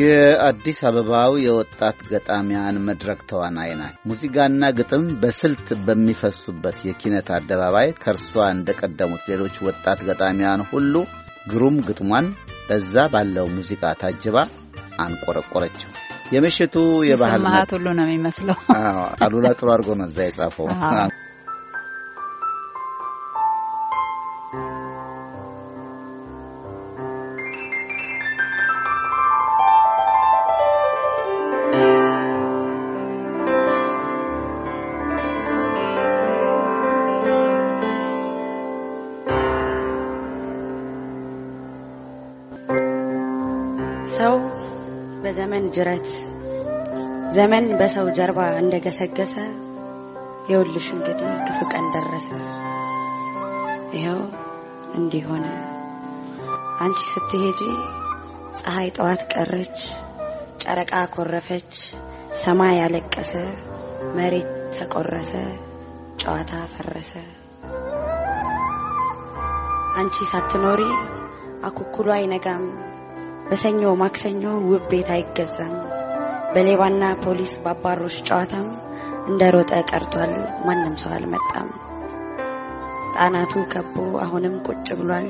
የአዲስ አበባው የወጣት ገጣሚያን መድረክ ተዋናይ ናት። ሙዚቃና ግጥም በስልት በሚፈሱበት የኪነት አደባባይ ከእርሷ እንደቀደሙት ሌሎች ወጣት ገጣሚያን ሁሉ ግሩም ግጥሟን በዛ ባለው ሙዚቃ ታጅባ አንቆረቆረችው። የምሽቱ የባህል ሁሉ ነው የሚመስለው። አሉላ ጥሩ አድርጎ ነው እዛ የጻፈው። ሰው በዘመን ጅረት ዘመን በሰው ጀርባ እንደገሰገሰ የውልሽ እንግዲህ ክፉ ቀን ደረሰ። ይኸው እንዲህ ሆነ። አንቺ ስትሄጂ ፀሐይ ጠዋት ቀረች፣ ጨረቃ ኮረፈች፣ ሰማይ ያለቀሰ፣ መሬት ተቆረሰ፣ ጨዋታ ፈረሰ። አንቺ ሳትኖሪ አኩኩሉ አይነጋም በሰኞ ማክሰኞ ውብ ቤት አይገዛም። በሌባና ፖሊስ ባባሮች ጨዋታም እንደ ሮጠ ቀርቷል። ማንም ሰው አልመጣም። ህጻናቱ ከቦ አሁንም ቁጭ ብሏል።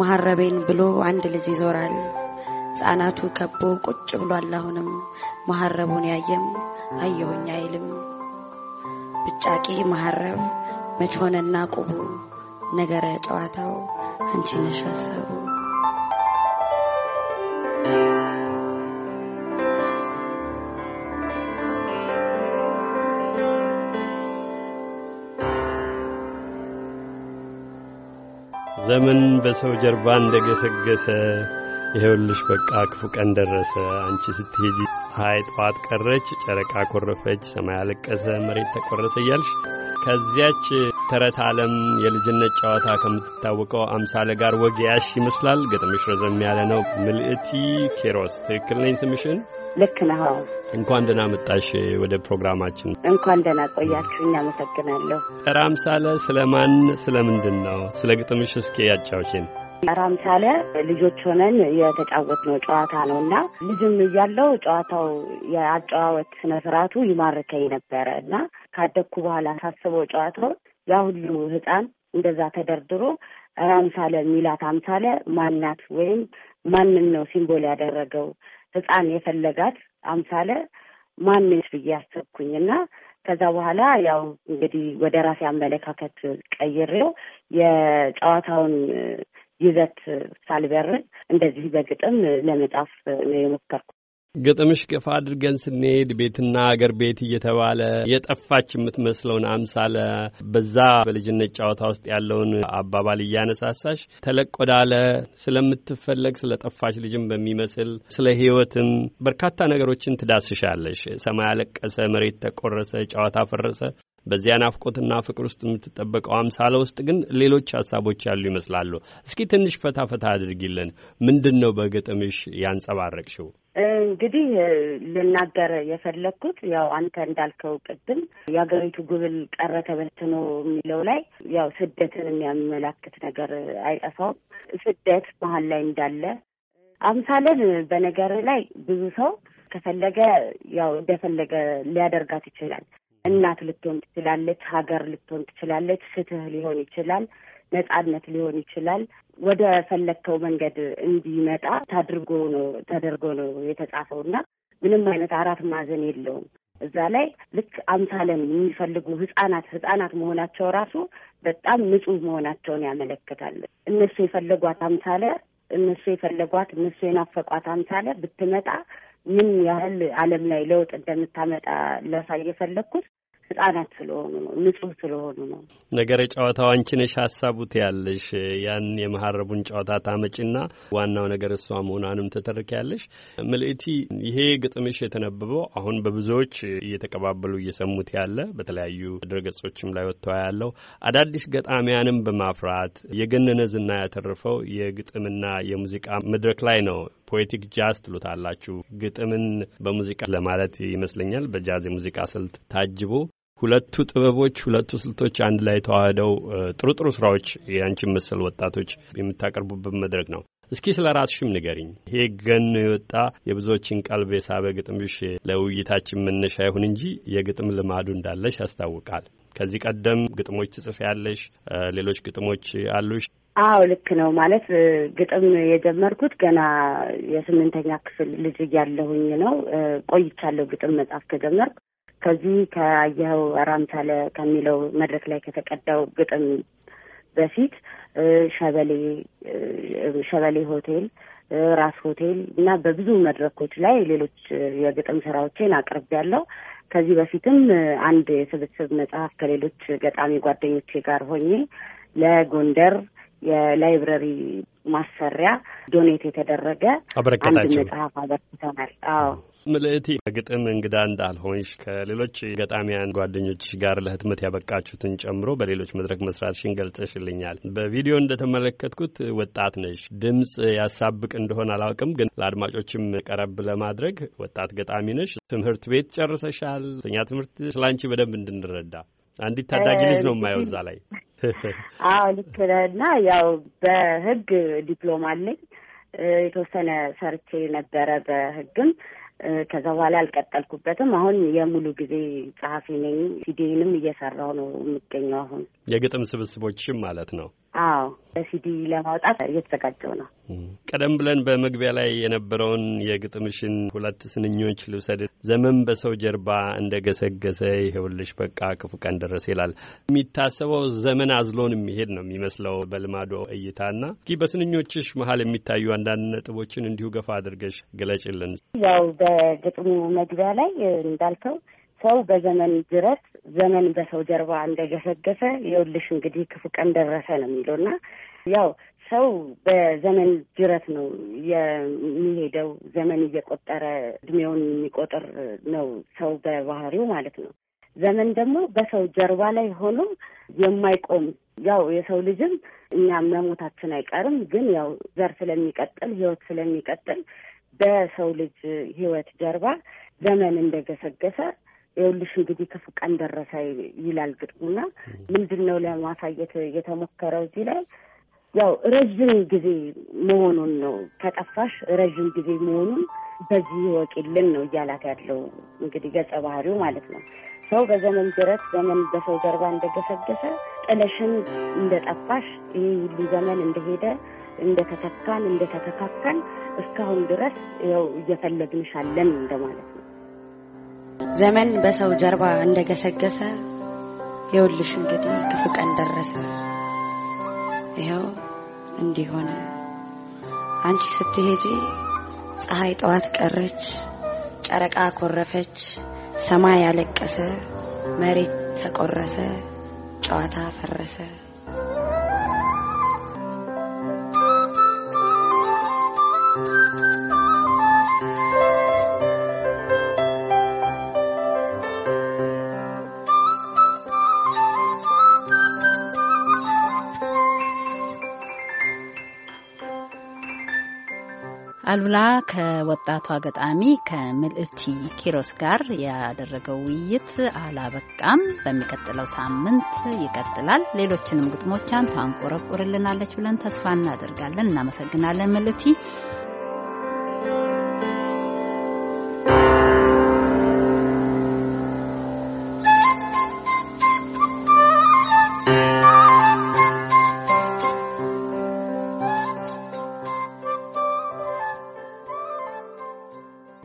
መሐረቤን ብሎ አንድ ልጅ ይዞራል። ህጻናቱ ከቦ ቁጭ ብሏል። አሁንም መሐረቡን ያየም አየሁኝ አይልም። ብጫቂ መሐረብ መች ሆነና ቁቡ ነገረ ጨዋታው አንቺ ነሽ አሰቡ ዘመን በሰው ጀርባ እንደገሰገሰ ይኸውልሽ በቃ ክፉ ቀን ደረሰ። አንቺ ስትሄጂ ፀሐይ ጠዋት ቀረች፣ ጨረቃ ኮረፈች፣ ሰማይ አለቀሰ፣ መሬት ተቆረሰ እያልሽ ከዚያች ተረት ዓለም የልጅነት ጨዋታ ከምትታወቀው አምሳለ ጋር ወግ ያሽ ይመስላል። ግጥምሽ ረዘም ያለ ነው። ምልእቲ ኬሮስ ትክክል ነኝ ስምሽን? ልክ ነው እንኳን ደህና መጣሽ ወደ ፕሮግራማችን። እንኳን ደህና ቆያችሁ። እኛ አመሰግናለሁ። ራምሳለ ስለማን ምንድን ነው? ስለ ግጥምሽ እስኪ ያጫውሽን። ራምሳለ ልጆች ሆነን የተጫወትነው ጨዋታ ነው እና ልጅም እያለው ጨዋታው የአጨዋወት ስነ ስርዓቱ ይማርከኝ ነበረ እና ካደግኩ በኋላ ሳስበው ጨዋታው ያ ሁሉ ህፃን እንደዛ ተደርድሮ ራምሳለ የሚላት አምሳለ ማናት ወይም ማንን ነው ሲምቦል ያደረገው ህፃን የፈለጋት አምሳለ ማንሽ ብዬ አሰብኩኝ እና ከዛ በኋላ ያው እንግዲህ ወደ ራሴ አመለካከት ቀይሬው የጨዋታውን ይዘት ሳልበርዝ እንደዚህ በግጥም ለመጻፍ ነው የሞከርኩ። ግጥምሽ ገፋ አድርገን ስንሄድ ቤትና አገር ቤት እየተባለ የጠፋች የምትመስለውን አምሳለ በዛ በልጅነት ጨዋታ ውስጥ ያለውን አባባል እያነሳሳሽ ተለቅ ወዳለ ስለምትፈለግ ስለ ጠፋች ልጅም በሚመስል ስለ ሕይወትም በርካታ ነገሮችን ትዳስሻለሽ። ሰማይ አለቀሰ፣ መሬት ተቆረሰ፣ ጨዋታ ፈረሰ። በዚያ ናፍቆትና ፍቅር ውስጥ የምትጠበቀው አምሳለ ውስጥ ግን ሌሎች ሀሳቦች ያሉ ይመስላሉ። እስኪ ትንሽ ፈታ ፈታ አድርጊልን። ምንድን ነው በግጥምሽ ያንጸባረቅሽው? እንግዲህ ልናገር የፈለግኩት ያው አንተ እንዳልከው ቅድም የሀገሪቱ ጉብል ቀረ ተበትኖ የሚለው ላይ ያው ስደትን የሚያመላክት ነገር አይጠፋውም። ስደት መሀል ላይ እንዳለ አምሳለን በነገር ላይ ብዙ ሰው ከፈለገ ያው እንደፈለገ ሊያደርጋት ይችላል። እናት ልትሆን ትችላለች፣ ሀገር ልትሆን ትችላለች፣ ፍትህ ሊሆን ይችላል፣ ነጻነት ሊሆን ይችላል ወደ ፈለግከው መንገድ እንዲመጣ ታድርጎ ነው ተደርጎ ነው የተጻፈው እና ምንም አይነት አራት ማዕዘን የለውም። እዛ ላይ ልክ አምሳለን የሚፈልጉ ህጻናት ህጻናት መሆናቸው ራሱ በጣም ንጹህ መሆናቸውን ያመለክታል። እነሱ የፈለጓት አምሳለ እነሱ የፈለጓት እነሱ የናፈቋት አምሳለ ብትመጣ ምን ያህል አለም ላይ ለውጥ እንደምታመጣ ላሳይ የፈለግኩት ህጻናት ስለሆኑ ነው፣ ንጹህ ስለሆኑ ነው። ነገረ ጨዋታው አንቺ ነሽ፣ ሀሳቡ ያን የመሀረቡን ጨዋታ ታመጪና ዋናው ነገር እሷ መሆኗንም ያለሽ ምልእቲ፣ ይሄ ግጥምሽ የተነበበው አሁን በብዙዎች እየተቀባበሉ እየሰሙት ያለ በተለያዩ ድረገጾችም ላይ ወጥተዋ ያለው አዳዲስ ገጣሚያንም በማፍራት የገነነ ዝና ያተረፈው የግጥምና የሙዚቃ መድረክ ላይ ነው። ፖኤቲክ ጃዝ ትሉታላችሁ። ግጥምን በሙዚቃ ለማለት ይመስለኛል በጃዝ የሙዚቃ ስልት ታጅቦ ሁለቱ ጥበቦች ሁለቱ ስልቶች አንድ ላይ ተዋህደው ጥሩ ጥሩ ስራዎች የአንቺን መሰል ወጣቶች የምታቀርቡበት መድረክ ነው። እስኪ ስለ ራስሽም ንገሪኝ። ይሄ ገኖ የወጣ የብዙዎችን ቀልብ የሳበ ግጥምሽ ለውይይታችን መነሻ ይሁን እንጂ የግጥም ልማዱ እንዳለሽ ያስታውቃል። ከዚህ ቀደም ግጥሞች ትጽፍ ያለሽ ሌሎች ግጥሞች አሉሽ? አዎ ልክ ነው። ማለት ግጥም የጀመርኩት ገና የስምንተኛ ክፍል ልጅ እያለሁኝ ነው። ቆይቻለሁ ግጥም መጻፍ ከጀመርኩ ከዚህ ከአየኸው አራምሳለ ከሚለው መድረክ ላይ ከተቀዳው ግጥም በፊት ሸበሌ ሸበሌ ሆቴል፣ ራስ ሆቴል እና በብዙ መድረኮች ላይ ሌሎች የግጥም አቅርብ ያለው ከዚህ በፊትም አንድ የስብስብ መጽሐፍ ከሌሎች ገጣሚ ጓደኞቼ ጋር ሆኜ ለጎንደር የላይብረሪ ማሰሪያ ዶኔት የተደረገ አንድ መጽሐፍ አበርክተናል። አዎ ምልእቲ ግጥም እንግዳ እንዳልሆንሽ ከሌሎች ገጣሚያን ጓደኞች ጋር ለህትመት ያበቃችሁትን ጨምሮ በሌሎች መድረክ መስራትሽን ገልጸሽልኛል። በቪዲዮ እንደተመለከትኩት ወጣት ነሽ። ድምፅ ያሳብቅ እንደሆን አላውቅም፣ ግን ለአድማጮችም ቀረብ ለማድረግ ወጣት ገጣሚ ነሽ። ትምህርት ቤት ጨርሰሻል። ተኛ ትምህርት ስላንቺ በደንብ እንድንረዳ አንዲት ታዳጊ ልጅ ነው የማየው እዛ ላይ። አዎ ልክ እና ያው በህግ ዲፕሎማ አለኝ የተወሰነ ሰርቼ ነበረ በህግም ከዛ በኋላ አልቀጠልኩበትም። አሁን የሙሉ ጊዜ ጸሐፊ ነኝ። ሲዲንም እየሰራው ነው የሚገኘው አሁን የግጥም ስብስቦችም ማለት ነው። አዎ በሲዲ ለማውጣት እየተዘጋጀው ነው። ቀደም ብለን በመግቢያ ላይ የነበረውን የግጥምሽን ሁለት ስንኞች ልውሰድ። ዘመን በሰው ጀርባ እንደ ገሰገሰ ይኸውልሽ በቃ ክፉ ቀን ደረሰ ይላል። የሚታሰበው ዘመን አዝሎን የሚሄድ ነው የሚመስለው በልማዶ እይታና እ በስንኞችሽ መሀል የሚታዩ አንዳንድ ነጥቦችን እንዲሁ ገፋ አድርገሽ ገለጭልን። ያው በግጥሙ መግቢያ ላይ እንዳልከው ሰው በዘመን ጅረት ዘመን በሰው ጀርባ እንደገሰገሰ የውልሽ እንግዲህ ክፉ ቀን ደረሰ ነው የሚለው እና ያው ሰው በዘመን ጅረት ነው የሚሄደው። ዘመን እየቆጠረ እድሜውን የሚቆጥር ነው ሰው በባህሪው ማለት ነው። ዘመን ደግሞ በሰው ጀርባ ላይ ሆኖ የማይቆም ያው የሰው ልጅም እኛ መሞታችን አይቀርም፣ ግን ያው ዘር ስለሚቀጥል ህይወት ስለሚቀጥል በሰው ልጅ ህይወት ጀርባ ዘመን እንደገሰገሰ ይኸውልሽ እንግዲህ ክፉ ቀን ደረሰ ይላል ግጥሙና ምንድን ነው ለማሳየት የተሞከረው እዚህ ላይ ያው ረዥም ጊዜ መሆኑን ነው። ከጠፋሽ ረዥም ጊዜ መሆኑን በዚህ ይወቂልን ነው እያላት ያለው እንግዲህ ገጸ ባህሪው ማለት ነው። ሰው በዘመን ጅረት ዘመን በሰው ጀርባ እንደገሰገሰ ጥለሽን እንደጠፋሽ ይህ ሁሉ ዘመን እንደሄደ እንደተተካን እንደተተካካን እስካሁን ድረስ ያው እየፈለግንሻለን እንደማለት ነው። ዘመን በሰው ጀርባ እንደገሰገሰ የውልሽ እንግዲህ ክፉ ቀን ደረሰ። ይኸው እንዲሆነ አንቺ ስትሄጂ ፀሐይ ጠዋት ቀረች፣ ጨረቃ ኮረፈች፣ ሰማይ ያለቀሰ፣ መሬት ተቆረሰ፣ ጨዋታ ፈረሰ። አሉላ ከወጣቷ ገጣሚ ከምልእቲ ኪሮስ ጋር ያደረገው ውይይት አላበቃም። በሚቀጥለው ሳምንት ይቀጥላል። ሌሎችንም ግጥሞቿን ታንቆረቁርልናለች ብለን ተስፋ እናደርጋለን። እናመሰግናለን ምልእቲ።